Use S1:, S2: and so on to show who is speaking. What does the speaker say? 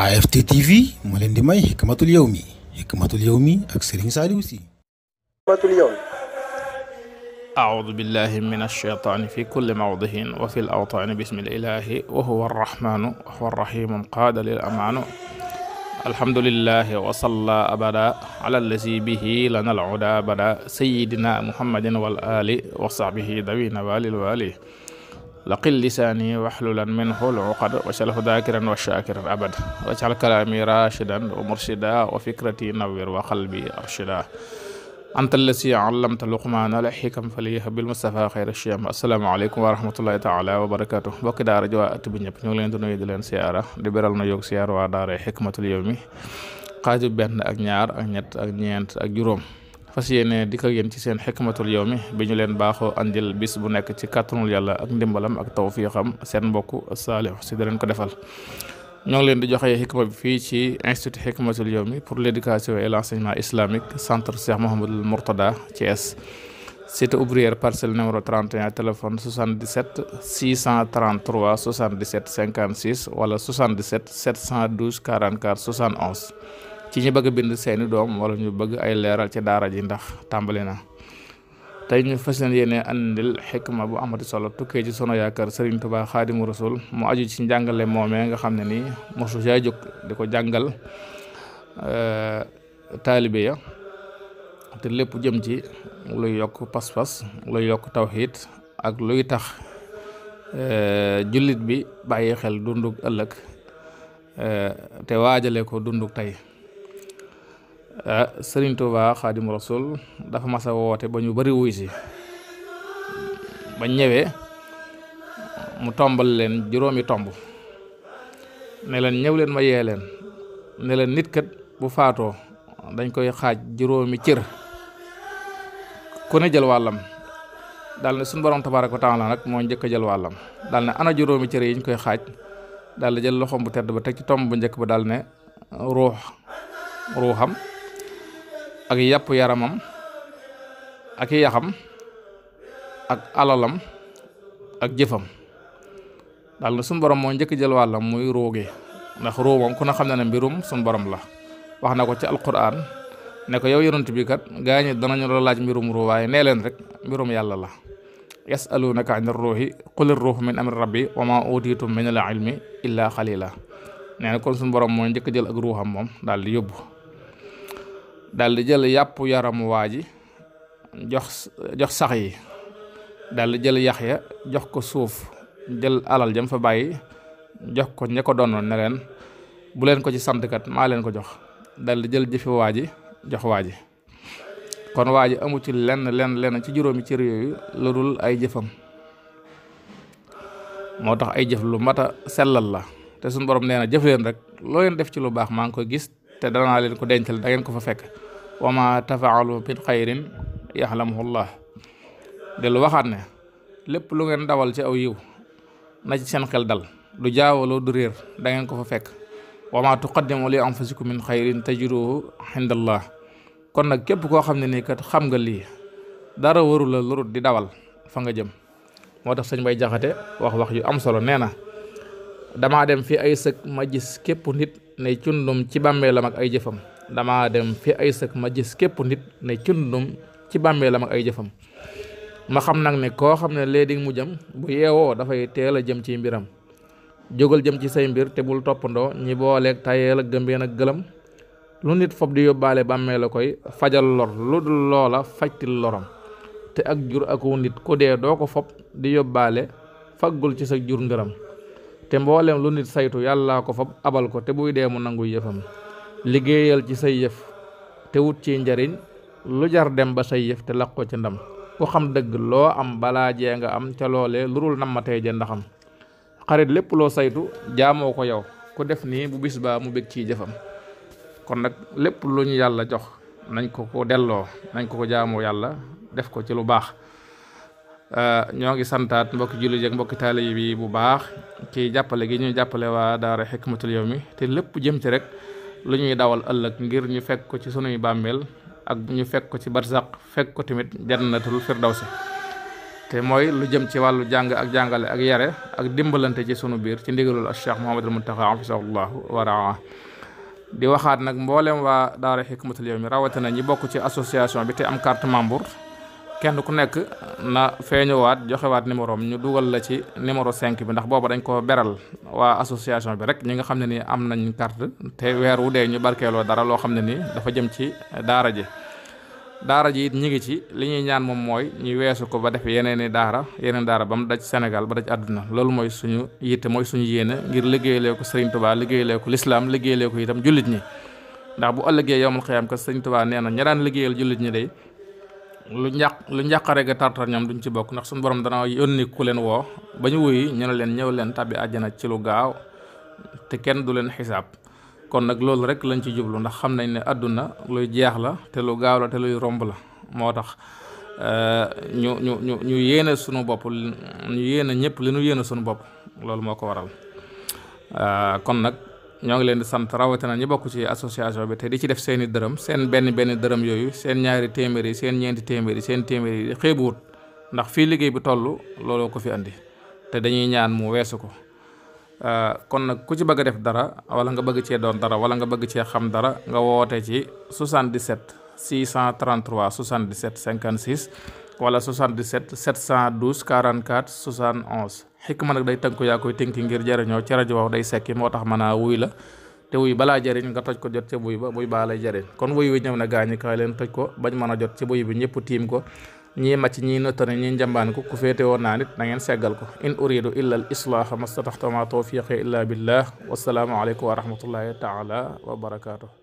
S1: AFT TV moo leen di may Hikmatul Yawmi Hikmatul Yawmi ak Serigne Saliou Sy Hikmatul Yawmi أعوذ بالله من الشيطان في كل موضه وفي الأوطان بسم الإله وهو الرحمن وهو الرحيم قاد للأمان الحمد لله وصلى أبدا على الذي به لنا العدا بدا سيدنا محمد والآل وصحبه ذوي نوال الوالي laqil lisaani waxlulan minhu luqad waj'alhu dhaakiran wa shaakiran abad waj'al kalaami raashidan wa murshida wa fikrati nawwir wa qalbi arshida anta allasi allamta luqmaana al xikam faliyah bil mustafa xayra shiyam assalaamu aleykum wa rahmatullahi taala wa barakatuh mbokki daara ji waa at bi ñëpp ñu ngi leen di nuyu di leen siyaara di beral na yog siyaar waa daara xikmatul yawmi xaaju benn ak ñaar ak ñett ak ñeent ak juróom fas yéene dikk ak yéen ci seen xikmatul yawmi bi ñu leen baaxoo andil bis bu nekk ci kàttanul yàlla ak ndimbalam ak tawfiixam seen mbokk Saliou si da leen ko defal ñoo ngi leen di joxe fii ci institut xikmatul yawmi pour l'éducation et l'enseignement islamique centre Cheikh Mouhamadul Mourtada Thiès cité ouvrière parcelle numéro 31 téléphone 77 633 77 56 wala 77 712 44 71 ci ñu bëgg a bind seeni doom wala ñu bëgg ay leeral ci daara ji ndax tàmbali na tey ñu fas leen yéene andil xikma bu amati solo tukkee ci sunu yaakaar Serigne Touba Xaadimu Rasul mu aju ci njàngale moomee nga xam ne nii mosu saa jóg di ko jàngal euh, taalibe ya te lépp jëm ci lu yokk pas-pas luy yokk tawxiid ak luy tax euh, jullit bi bàyyee xel dundug ëllëg euh, te waajale ko dundug tey Eh, Sëriñ Tuuba Xaadim Rasul dafa masa woote ba ñu bari wuy si ba ñëwee mu tombal leen juróomi tomb ne leen ñëw leen ma yee leen ne leen nit kat bu faatoo dañ koy xaaj juróomi cër ku ne jël wàllam daal ne suñu borom tabaaraka wa taala nag moo njëkk jël wàllam dal ne ana juróomi cër yi ñu koy xaaj dal di jël loxoom bu tedd ba teg ci tomb bu njëkk ba daal ne ruux ruuxam ak yàpp yaramam ak yaxam ak alalam ak jëfam daal na suñu borom moo njëkk jël wàllam muy roogee ndax roo moom ku na xam ne ne mbirum suñ borom la wax na ko ci alquran ne ko yow yonent bi kat gaañu danañu la laaj mbirum ruu nee leen rek mbirum yàlla la yasalunaka an ruuhi qul ruuhu min amri rabbi wa ma utitum min al ilmi illa xalila nee na kon suñu borom mooy njëkk jël ak ruuxam moom daal di yóbbu daldi di jël yàpp yaramu waa ji jox sax yi daldi jël yax ya jox ko suuf jël alal jam fa bàyyi jox ko ña ko doonoon ne bu leen ko ci sant kat maa leen ko jox dal di jël jëfi waa ji jox waa ji kon waa ji amu ci lenn lenn lenn ci juróomi cër yooyu lu dul ay jëfam moo tax ay jëf lu mat a sellal la te suñu borom nee na jëf leen rek loo leen def ci lu baax maa ngi ko gis te danaa leen ko dencal da ngeen ko fa fekk wa ma tafaalu min xayrin yaxlamuhullah dellu waxaat ne lépp lu ngeen dawal ci aw yiw na ci seen xel dal du jaawaloo du réer dangeen ko fa fekk wa ma tuqaddimu li anfusikum min xayrin tajiduhu indallah kon nag képp koo xam ne nii kat xam nga lii dara waru la lurut di dawal fa nga jëm moo tax sëñ bay jaxate wax wax yu am solo nee na damaa dem fi ay sëg ma gis képp nit ne cundum ci la ak ay jëfam dama dem fi ay sëkk ma gis képp nit ne cundum ci bàmmeelam ak ay jëfam ma xam nag ne koo xam ne léegi mu jëm bu yeewoo dafay teel a jëm ci mbiram jógal jëm ci say mbir te bul toppandoo ñi booleeg tayeel ak gëmbeen ak gëlam lu nit fob di yóbbaale bàmmeel koy fajal lor lu dul loola fajtil lorom te ak jur aku nit ku dee doo ko fob di yóbbaale faggul ci sa jur ngërëm te mboolem lu nit saytu yàllaa ko fab abal ko te buy dee mu nangu yëfam liggéeyal ci say yëf te wut ci njariñ lu jar dem ba say yëf te laq ko ci ndam ku xam dëgg loo am balaa jee nga am ca loolee lurul nam ma ja ndaxam xarit lépp loo saytu jaamoo ko yow ku def nii bu bis baa mu bég ciy jëfam kon nag lépp lu ñu yàlla jox nañ ko ko delloo nañ ko ko jaamoo yàlla def ko ci lu baax euh, ñoo ngi santaat mbokki jullit ak mbokki taalibe yi bu baax ci jàppale gi ñuy jàppale waa daara Hikmatul mi te lépp jëm ci rek lu ñuy dawal ëllëg ngir ñu fekk ko ci sunuy bàmmeel ak ñu fekk ko ci barsaq fekk ko tamit jannatul firdawsi te mooy lu jëm ci wàllu jàng ak jàngale ak yare ak dimbalante ci sunu biir ci ndigalul al cheikh Muhammadul Muntaxa afisahullahu wa raa di waxaat nag mboolem waa daara xikmatul yawmi rawatina ñi bokk ci association bi te am carte membre kenn ku nekk na feeñuwaat joxewaat numéro ñu dugal la ci numéro 5 bi ndax booba dañ ko beral waa association bi rek ñu nga xam ne nii am nañ carte te weer wu dee ñu barkeeloo dara loo xam ne nii dafa jëm ci daara ji daara ji it ñi ngi ci li ñuy ñaan moom mooy ñu weesu ko ba def yeneen i daara yeneen daara ba mu daj Sénégal ba daj àdduna loolu mooy suñu yitte mooy suñu yéene ngir liggéeyalee ko Serigne Touba liggéeyalee ko lislaam liggéeyalee ko itam jullit ñi ndax bu ëllëgee yowmal xiyaam ko Serigne Touba nee na ña daan liggéeyal jullit ñi lu njàq lu njàqare ga tartar ñoom duñ ci bokk ndax suñu borom dana yónni ku leen woo ba ñu wuyu ñu ne leen ñëw leen tàbbi àjjana ci lu gaaw te kenn du leen xisaab kon nag loolu rek lañ ci jublu ndax xam nañ ne àdduna luy jeex la te lu gaaw la te luy romb la moo tax euh, ñu ñu ñu ñu yéene sunu bopp ñu yéene ñëpp li ñu yéene sunu bopp loolu moo ko waral euh, kon nag. ñoo ngi leen di sant rawatina ñi bokk ci association bi te di ci def seeni dërëm seen benn benn dërëm yooyu seen ñaari téeméeri seen ñeenti téeméer téeméeri seen téeméer yi xeebuwut ndax fii liggéey bi toll looloo ko fi andi te dañuy ñaan mu weesu ko euh, kon nag ku ci bëgg a def dara wala nga bëgg cee doon dara wala nga bëgg cee xam dara nga woote ci 77 633 77 56 wala 77 712 44 71. xikma nag day tënk yaa koy tënki ngir jariñoo ci rajo wax day sekki moo tax mana a wuy la te wuy balaa jariñ nga toj ko jot ci buy ba buy baa lay jariñ kon wuy wi ñëw na gaañi kaay leen toj ko bañ mën a jot ci buy bi ñëpp tiim ko ñii màcc ñii nëttane ñii njambaan ko ku féete woon naa nit na ngeen seggal ko in uridu illa al islaaha mastataxtama tawfiqi illa billah wasalaamu aleykum wa rahmatullahi taala wa barakatuh